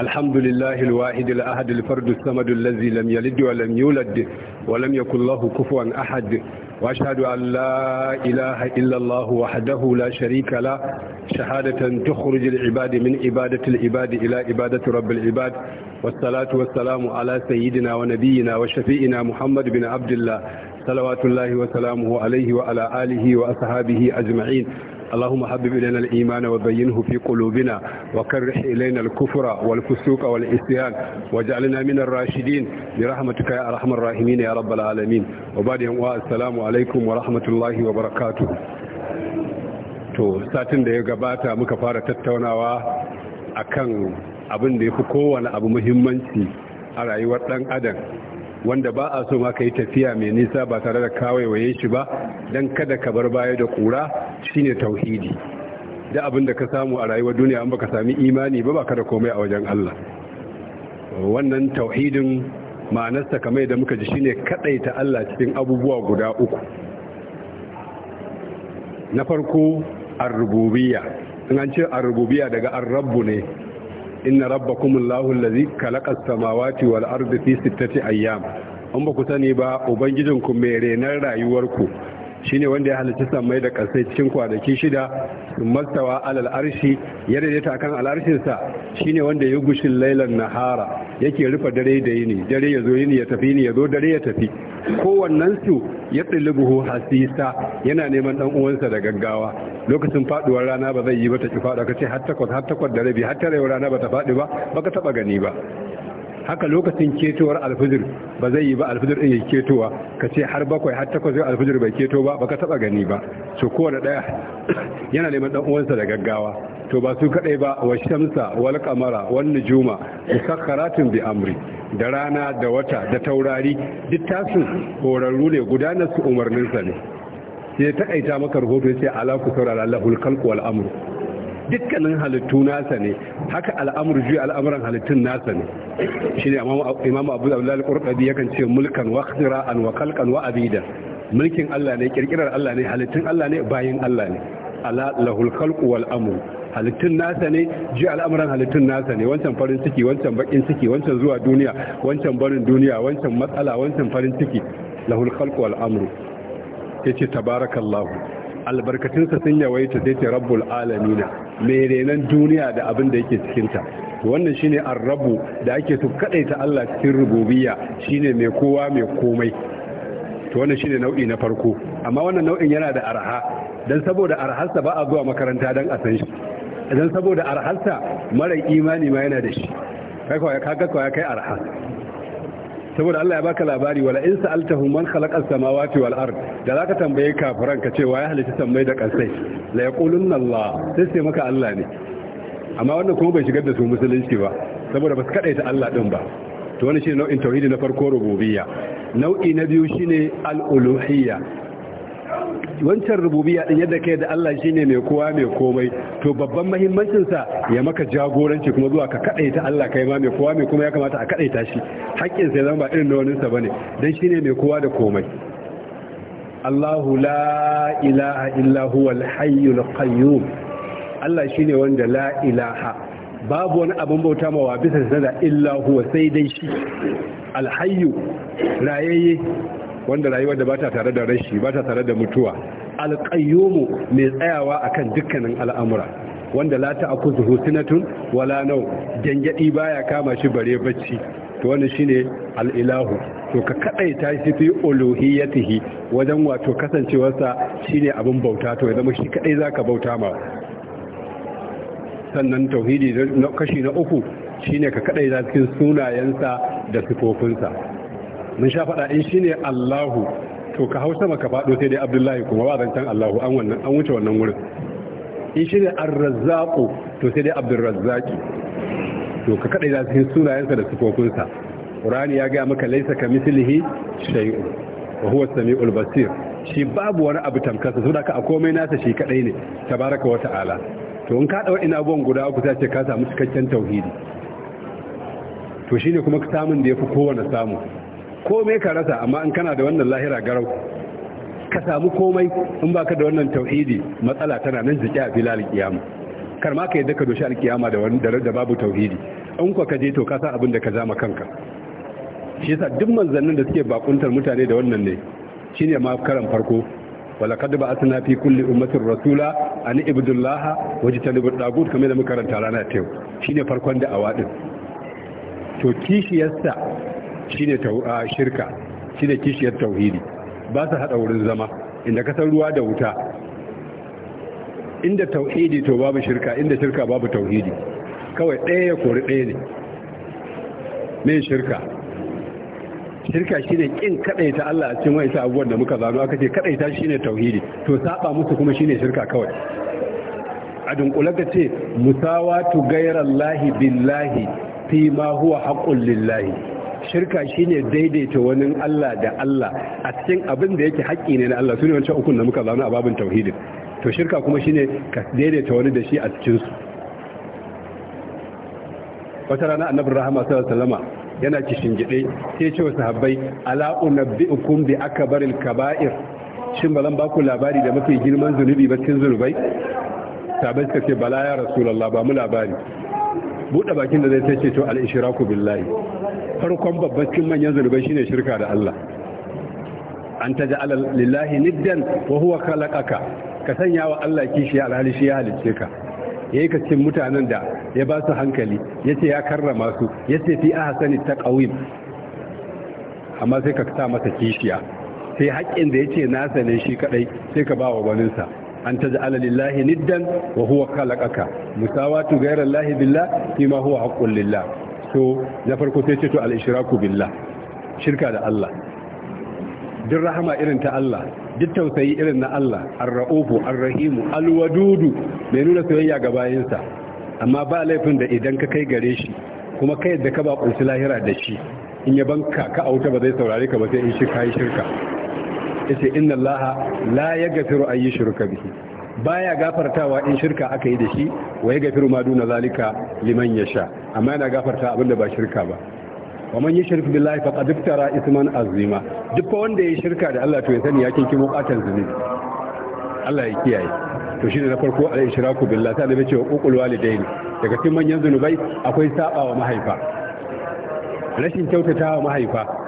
الحمد لله الواحد الأحد الفرد الصمد الذي لم يلد ولم يولد ولم يكن له كفوا أحد وأشهد أن لا إله إلا الله وحده لا شريك له شهادة تخرج العباد من عبادة العباد إلى عبادة رب العباد والصلاة والسلام على سيدنا ونبينا وشفيئنا محمد بن عبد الله صلوات الله وسلامه عليه وعلى آله وأصحابه أجمعين اللهم حبب إلينا الإيمان وبينه في قلوبنا وكرح إلينا الكفر والفسوق والإسيان واجعلنا من الراشدين برحمتك يا أرحم الراحمين يا رب العالمين وبعدهم السلام عليكم ورحمة الله وبركاته to satin da ya gabata muka fara tattaunawa akan abin da ya fi kowane abu muhimmanci a rayuwar ɗan adam wanda ba a so ma ka yi tafiya mai nisa ba tare da kawaiwaye shi ba don kada ka bar baya da kura shine tauhidi da abin da ka samu a rayuwar duniya an baka sami imani ba baka da komai a wajen Allah wannan tauhidin ma'anarsa kamar da muka ji shine ta Allah cikin abubuwa guda uku na farko ar-rububiyya in an ce ar daga ar-rabbu ne inna rabbakum Allahu allazi khalaqa as-samawati wal arda fi sittati ayyam an ba ku sani ba ubangijinku mai renar rayuwarku shine wanda ya halarci samai da kasai cikin kwanaki shida mastawa alal arshi ya daidaita akan al'arshin sa shine wanda ya gushin lailan nahara yake rufe dare da yini dare ya zo yini ya tafi yini ya zo dare ya tafi kowannen su ya tsilibuhu hasisa yana neman dan uwansa da gaggawa lokacin faduwar rana ba zai yi ba ta ki fada kace har takwas har takwas da rabi har tare rana ba ta fadi ba baka taba gani ba haka lokacin ketowar alfijir ba zai yi ba alfijir din ya ketowa ka ce har bakwai har takwas yau alfijir bai keto ba baka taba gani ba so kowane ɗaya yana neman ɗan uwansa da gaggawa to ba su kadai ba wa shamsa wal kamara wal nujuma musakharatin bi amri da rana da wata da taurari duk tasu horarru ne gudanar su umarninsa ne sai ta aita maka rahoto sai ala ku saurara lahul khalq wal amru dukkanin halittu nasa ne haka al'amur juya al'amuran halittun nasa ne shi ne imam abu abdullahi al-qurtubi yakan ce mulkan wa an wa khalqan wa abida mulkin Allah ne kirkirar Allah ne halittun Allah ne bayan Allah ne ala lahul khalqu wal amru halittun nasa ne ji al'amuran halittun nasa ne wancan farin ciki wancan bakin ciki wancan zuwa duniya wancan barin duniya wancan matsala wancan farin ciki lahul khalqu wal amru yace tabarakallahu albarkatunsa sun yawaita sai ce rabbul alamina mai renon duniya da abin da yake cikinta wannan shine rabu da ake su ta Allah cikin shi shine mai kowa mai komai to wannan shine nau'i na farko amma wannan nau'in yana da arha dan saboda arharsa ba a zuwa makaranta dan a san shi dan saboda arharsa mara imani ma yana da shi kai kawai kawai kai arha saboda Allah ya baka labari wala in sa'altahum man khalaqa as-samawati wal ard da zaka tambaye kafiran ka cewa ya halitta sammai da kansai la yaqulunna Allah sai sai maka Allah ne amma wannan kuma bai shigar da su musulunci ba saboda ba su kadaita Allah din ba to wani shine nau'in tauhidi na farko rububiyya nau'i na biyu shine al-uluhiyya wancan rububiya din yadda kai da Allah shine mai kowa mai komai to babban muhimmancin sa ya maka jagoranci kuma zuwa ka kadaita Allah kai ma mai kowa mai komai ya kamata a kadaita shi haƙƙin sai zama ba irin na wani sa bane dan shine mai kowa da komai Allahu la ilaha illa al hayyul qayyum Allah shine wanda la ilaha babu wani abin bauta ma wa bisa sada illa huwa sai dai shi alhayyu rayayye wanda rayuwar da ba ta tare da rashi ba ta tare da mutuwa alƙayyomu mai tsayawa a kan dukkanin al'amura wanda la ta akuzu husinatun wala nau gyangyaɗi baya kama shi bare bacci to wani shine al'ilahu to ka ta shi fi tihi, wajen wato kasancewarsa shine abin bauta to zama shi kaɗai za ka bauta ma sannan tauhidi kashi na uku shine ka kaɗaita sunayensa da sifofinsa mun sha faɗa in shine Allahu to ka hausa maka faɗo sai dai Abdullahi kuma ba zancan Allahu an wannan an wuce wannan wurin in shine Ar-Razzaq to sai dai Razzaqi to ka kada da cikin sunayensa da sa Qur'ani ya ga maka laysa ka mislihi shay'un wa huwa as-sami'ul basir shi babu wani abu tamkarsa saboda ka a komai nasa shi kadai ne tabaraka wa ta'ala to in ka dawo ina abubuwan guda ku sai ce ka samu cikakken tauhidi to shine kuma ka samun da yafi kowanne samu komai ka rasa amma in kana da wannan lahira garau ka samu komai in baka da wannan tauhidi matsala tana nan jiki a filal kiyama kar ma ka yadda ka doshi alkiyama da wani da babu tauhidi in kuwa ka je to ka san abin da ka zama kanka shi yasa duk manzannin da suke bakuntar mutane da wannan ne shine ma karan farko ba asna fi kulli ummatin rasula an ibudullah wajtanibu dagut kamar da muka karanta rana ta yau shine farkon da awadin to kishiyarsa shine shirka shine kishiyar tauhidi ba su hada wurin zama inda ka san ruwa da wuta inda tauhidi to babu shirka inda shirka babu tauhidi kawai ɗaya ya kori ɗaya ne mai shirka shirka ne kin ta Allah a cikin wa'isa abubuwan da muka zano aka ce shi shine tauhidi to saba musu kuma shi ne shirka kawai a dunkula ka ce lahi bin billahi fi ma huwa haƙƙun lillahi shirka shine daidaita wani Allah da Allah a cikin abin da yake haƙƙi ne na Allah sune wancan ukun da muka zauna a babin tauhidin to shirka kuma shine ka daidaita wani da shi a cikin wata rana annabi rahama sallallahu alaihi wasallama yana kishingide sai ce wa sahabbai ala unabbiukum bi akbaril kaba'ir shin bazan ba ku labari da mafi girman zunubi ba cikin zunubai sahabbai suka ce bala ya rasulullah ba mu labari buɗe bakin da zai ta ce to al'ishiraku billahi farkon babbacin manyan zunubai shine shirka da Allah an ta ji lillahi niddan wa huwa kalakaka ka sanya wa Allah kishi alhali shi ya halicce ka Ya yi kacin mutanen da ya ba su hankali yace ya karrama su ce fi ta ƙawin amma sai ka sa masa kishiya sai haƙƙin da yace nasa ne shi kaɗai, sai ka ba wa waninsa an taj'ala lillahi niddan wa huwa khalaqaka musawatu ghayra lillahi billah fima huwa haqqul lillah to na farko sai ce to al-ishraku billah shirka da Allah duk rahama irin ta Allah duk tausayi irin na Allah ar-ra'ufu ar-rahimu al-wadudu mai nuna soyayya ga bayinsa amma ba laifin da idan ka kai gare shi kuma kai da ka ba kunshi lahira da shi in ya banka ka auta ba zai saurare ka ba sai in shi kai shirka yace inna allaha la yaghfiru an yushrika bihi baya gafartawa in shirka aka yi da shi wa yaghfiru ma duna zalika liman yasha amma yana gafarta abin da ba shirka ba wa man yushrik billahi faqad iftara isman azima duk wanda ya shirka da Allah to ya sani ya kinki mukatan zunubi Allah ya kiyaye to shine na farko al ishraku billahi ta da cewa uqul walidain daga cikin manyan zunubai akwai saba wa mahaifa rashin kyautatawa mahaifa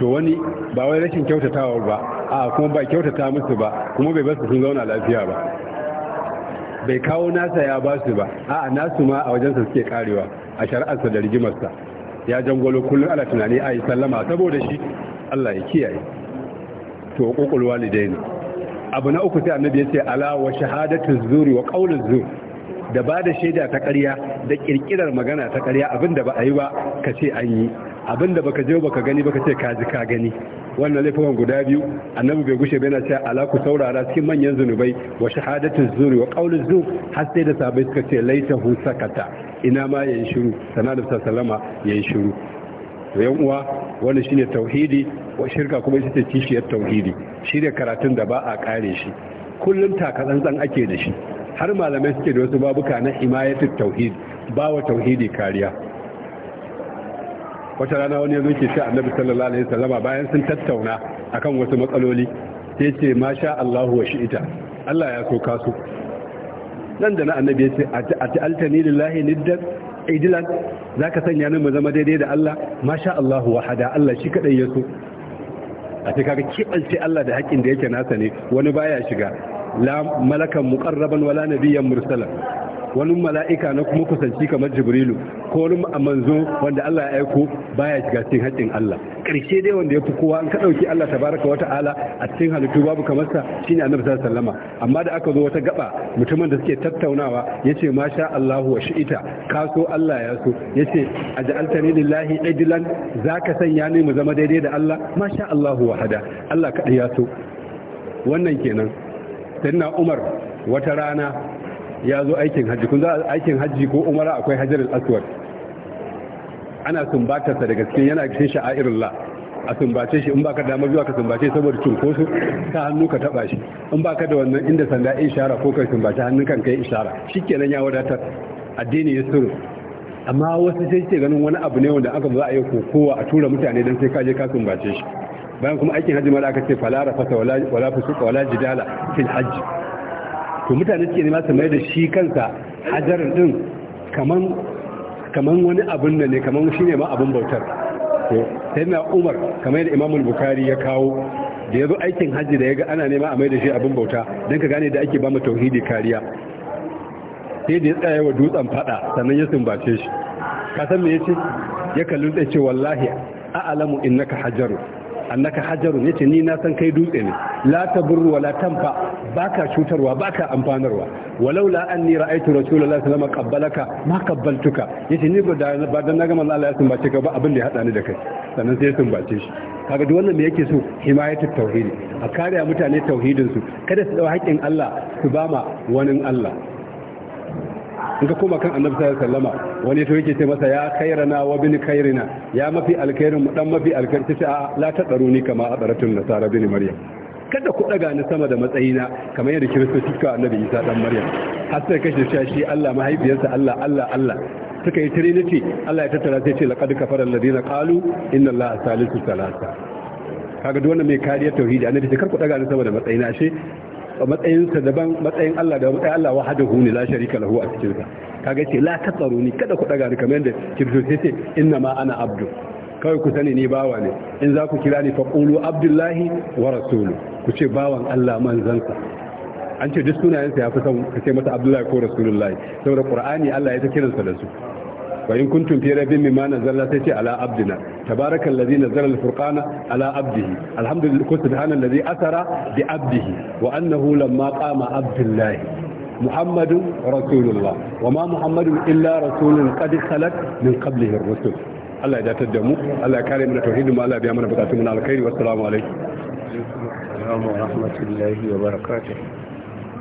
to wani ba wai rashin kyautatawa ba a kuma ba kyautata musu ba kuma bai basu sun zauna lafiya ba bai kawo nasa ya ba su ba a nasu ma a wajensa suke karewa a shari'arsa da rigimarsa ya jangolo kullum ala tunani a yi sallama saboda shi Allah ya kiyaye to kokul walidaini abu na uku sai annabi ya ce ala wa shahadatu zuri wa qawlu zur da ba da shaida ta ƙarya da kirkirar magana ta ƙarya abinda ba a yi ba ka ce an yi abinda baka je baka gani baka ce kaji ka gani wannan laifukan guda biyu annabi bai gushe bai na ce ala ku saurara cikin manyan zunubai wa shahadatu zuri wa qawlu zur har sai da sabai suka ce laita hu sakata ina ma yayin shiru sanadu da sallama yayin shiru to yan uwa wannan shine tauhidi wa shirka kuma ita ce kishiyar tauhidi shirya karatun da ba a kare shi kullum takatsantsan ake da shi har malamai suke da wasu babuka na himayatul tauhid ba tauhidi kariya wata rana wani ya zo ke ce annabi sallallahu alaihi wasallama bayan sun tattauna akan wasu matsaloli sai ce masha Allahu wa shi'ita Allah ya so ka su nan da na annabi ya ce a ta'alta ni lillahi niddan idilan zaka sanya ni mu zama daidai da Allah masha Allahu wahada Allah shi kadai ya so a ce kaga kibance Allah da haƙin da yake nasa ne wani baya shiga la malakan muqarraban wala nabiyyan mursalan wani mala'ika na kuma kusanci kamar jibrilu ko wani manzo wanda Allah ya aiko baya shiga cikin haƙƙin Allah ƙarshe dai wanda ya fi kowa an ka ɗauki Allah tabaraka wa ta'ala a cikin halittu babu kamar sa shine annabi sallallahu alaihi amma da aka zo wata gaba mutumin da suke tattaunawa yace sha Allah wa shi'ita ka so Allah ya so yace aj'altani lillahi idlan zaka sanya ni mu zama daidai da Allah Ma sha Allah hada Allah kadai ya so wannan kenan sannan Umar wata rana ya zo aikin hajji kun za a aikin hajji ko umara akwai hajjar al'aswar ana sumbatarsa da gaske yana cikin la a sumbace shi in baka damar zuwa ka sumbace saboda cunkoso ta hannu ka taba shi in baka da wannan inda sanda in ishara ko ka sumbace hannun kan kai ishara shikenan ya wadatar addini ya suru amma wasu sai ce ganin wani abu ne wanda aka za a yi kokowa a tura mutane don sai ka je ka sumbace shi bayan kuma aikin hajji mara aka ce falara fasa wala fusuka wala jidala fil hajji to mutane suke nema su mai da shi kansa hajar din kaman kaman wani abin da ne kaman shi ne ma abin bautar sai na umar kamar da imamul bukari ya kawo da ya zo aikin hajji da ya ga ana nema a mai da shi abin bauta don ka gane da ake ba mu tauhidi kariya sai da ya tsaya wa dutsen fada sannan ya sumbace shi kasan san me yace ya kalli da ce wallahi a'lamu naka hajaru annaka hajaru, yace ni na san kai dutse ne la taburru tamfa tanfa baka cutarwa baka amfanarwa walaula anni ra'aytu rasulullahi sallallahu alaihi wasallam qabbalaka ma qabbaltuka yace ni ba dan naga manzo Allah ya sumbace ka ba abin da ya hada ni da kai sannan sai ya sumbace shi kaga duk wannan yake so himayatu tauhidi a kare mutane tauhidin su kada su dau haƙƙin Allah su bama wani Allah in ka koma kan annabi sallallahu alaihi wasallama wani to yake ce masa ya khairana wa bin khairina ya mafi alkhairin mu dan mafi alkhairin sai a la ta tsaro ni kama a tsaratun nasara bin maryam kada ku daga ni sama da matsayina kamar yadda kristo suka annabi isa dan maryam har sai kashe shi shi Allah mahaifiyarsa Allah Allah Allah suka yi trinity Allah ya tattara sai ce laqad kafara alladhina qalu inna allaha salisu salasa kaga duk wanda mai kariyar tauhidi annabi ce kar ku daga ni sama da matsayina shi matsayinsa daban matsayin Allah da matsayin Allah wahadahu ne la sharika lahu a cikin sa kaga ce la ni kada ku daga ni kamar yadda sai ce inna ma ana abdu kawai ku sani ni bawa ne in za ku kira ni qulu abdullahi wa rasulu ku ce bawan Allah manzansa an ce duk sunayensa ya fi san ka ce masa abdullahi ko rasulullahi saboda qur'ani Allah ya ta kiransa da su fa in kuntum fi rabbin mimma nazzalna sai ce ala abdina tabarakal ladzi nazzala al-furqana ala abdihi alhamdulillah subhana alladhi asara bi abdihi wa annahu lamma qama abdullah muhammadun rasulullah wa ma muhammadun illa rasulun qad khalat min qablihi ar-rusul Allah ya datar da mu Allah ya kare mu da tauhidin mu Allah ya mana ba mu na alkhairi wa